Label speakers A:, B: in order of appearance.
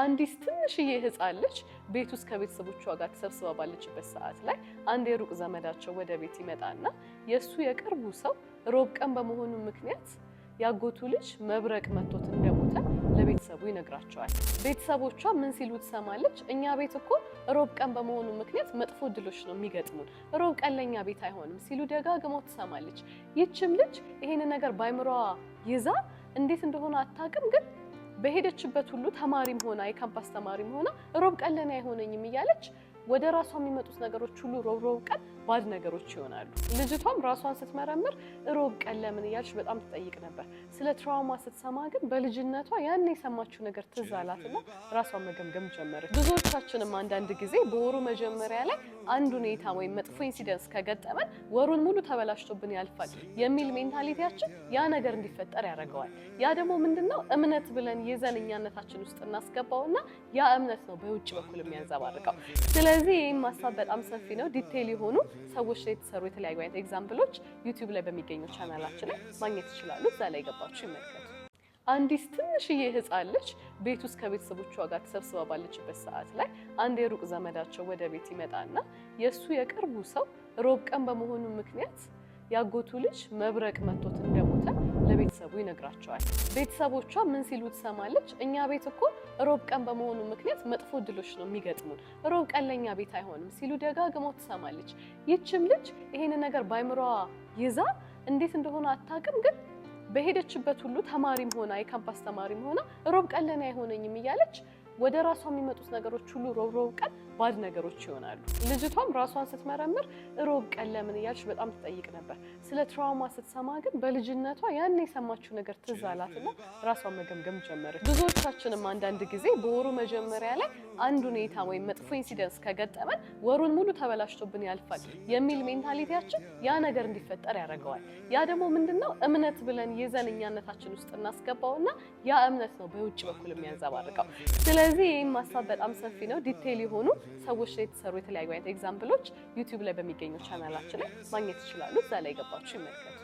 A: አንዲት ትንሽዬ ህፃን ልጅ ቤት ውስጥ ከቤተሰቦቿ ጋር ተሰብስባ ባለችበት ሰዓት ላይ አንድ የሩቅ ዘመዳቸው ወደ ቤት ይመጣና የእሱ የቅርቡ ሰው ሮብ ቀን በመሆኑ ምክንያት ያጎቱ ልጅ መብረቅ መቶት እንደሞተ ለቤተሰቡ ይነግራቸዋል። ቤተሰቦቿ ምን ሲሉ ትሰማለች? እኛ ቤት እኮ ሮብ ቀን በመሆኑ ምክንያት መጥፎ እድሎች ነው የሚገጥሙን፣ ሮብ ቀን ለእኛ ቤት አይሆንም ሲሉ ደጋግመው ትሰማለች። ይችም ልጅ ይህንን ነገር ባይምሯ ይዛ እንዴት እንደሆነ አታውቅም ግን በሄደችበት ሁሉ ተማሪም ሆና የካምፓስ ተማሪም ሆና ሮብ ቀን ለኔ አይሆነኝም እያለች ወደ ራሷ የሚመጡት ነገሮች ሁሉ ሮብ ሮብ ቀን ባድ ነገሮች ይሆናሉ። ልጅቷም ራሷን ስትመረምር ሮብ ቀን ለምን በጣም ትጠይቅ ነበር። ስለ ትራውማ ስትሰማ ግን በልጅነቷ ያን የሰማችው ነገር ትዝ አላትና ራሷን መገምገም ጀመረች። ብዙዎቻችንም አንዳንድ ጊዜ በወሩ መጀመሪያ ላይ አንድ ሁኔታ ወይም መጥፎ ኢንሲደንስ ከገጠመን ወሩን ሙሉ ተበላሽቶብን ያልፋል የሚል ሜንታሊቲያችን ያ ነገር እንዲፈጠር ያደርገዋል። ያ ደግሞ ምንድነው ነው እምነት ብለን ይዘን እኛነታችን ውስጥ እናስገባውና ያ እምነት ነው በውጭ በኩል የሚያንጸባርቀው። ስለዚህ ይህም ሀሳብ በጣም ሰፊ ነው። ዲቴይል የሆኑ ሰዎች ላይ የተሰሩ የተለያዩ አይነት ኤግዛምፕሎች ዩቲዩብ ላይ በሚገኙ ቻናላችን ላይ ማግኘት ይችላሉ። እዛ ላይ ገባችሁ ይመልከቱ። አንዲት ትንሽዬ ህፃን ልጅ ቤት ውስጥ ከቤተሰቦቿ ጋር ተሰብስባ ባለችበት ሰዓት ላይ አንድ የሩቅ ዘመዳቸው ወደ ቤት ይመጣና የእሱ የቅርቡ ሰው ሮብ ቀን በመሆኑ ምክንያት ያጎቱ ልጅ መብረቅ መቶት እንደሞተ ለቤተሰቡ ይነግራቸዋል። ቤተሰቦቿ ምን ሲሉ ትሰማለች? እኛ ቤት እኮ ሮብ ቀን በመሆኑ ምክንያት መጥፎ ድሎች ነው የሚገጥሙን፣ ሮብ ቀን ለእኛ ቤት አይሆንም ሲሉ ደጋግመው ትሰማለች። ይችም ልጅ ይሄን ነገር ባይምሯ ይዛ እንዴት እንደሆነ አታውቅም ግን በሄደችበት ሁሉ ተማሪም ሆና የካምፓስ ተማሪም ሆና ሮብ ቀን ለኔ አይሆነኝም እያለች ወደ ራሷ የሚመጡት ነገሮች ሁሉ ሮብ ሮብ ቀን ባድ ነገሮች ይሆናሉ። ልጅቷም ራሷን ስትመረምር ሮብ ቀን ለምን እያልሽ በጣም ትጠይቅ ነበር። ስለ ትራውማ ስትሰማ ግን በልጅነቷ ያን የሰማችው ነገር ትዝ አላትና ራሷን መገምገም ጀመረች። ብዙዎቻችንም አንዳንድ ጊዜ በወሩ መጀመሪያ ላይ አንድ ሁኔታ ወይም መጥፎ ኢንሲደንስ ከገጠመን ወሩን ሙሉ ተበላሽቶብን ያልፋል የሚል ሜንታሊቲያችን ያ ነገር እንዲፈጠር ያደርገዋል። ያ ደግሞ ምንድነው እምነት ብለን ይዘን እኛነታችን ውስጥ እናስገባውና ያ እምነት ነው በውጭ በኩል የሚያንጸባርቀው። ስለዚህ ይህም ሀሳብ በጣም ሰፊ ነው። ዲቴይል የሆኑ ሰዎች ላይ የተሰሩ የተለያዩ አይነት ኤግዛምፕሎች ዩቲዩብ ላይ በሚገኙ ቻናላችን ማግኘት ይችላሉ። እዛ ላይ ገባችሁ ይመልከቱ።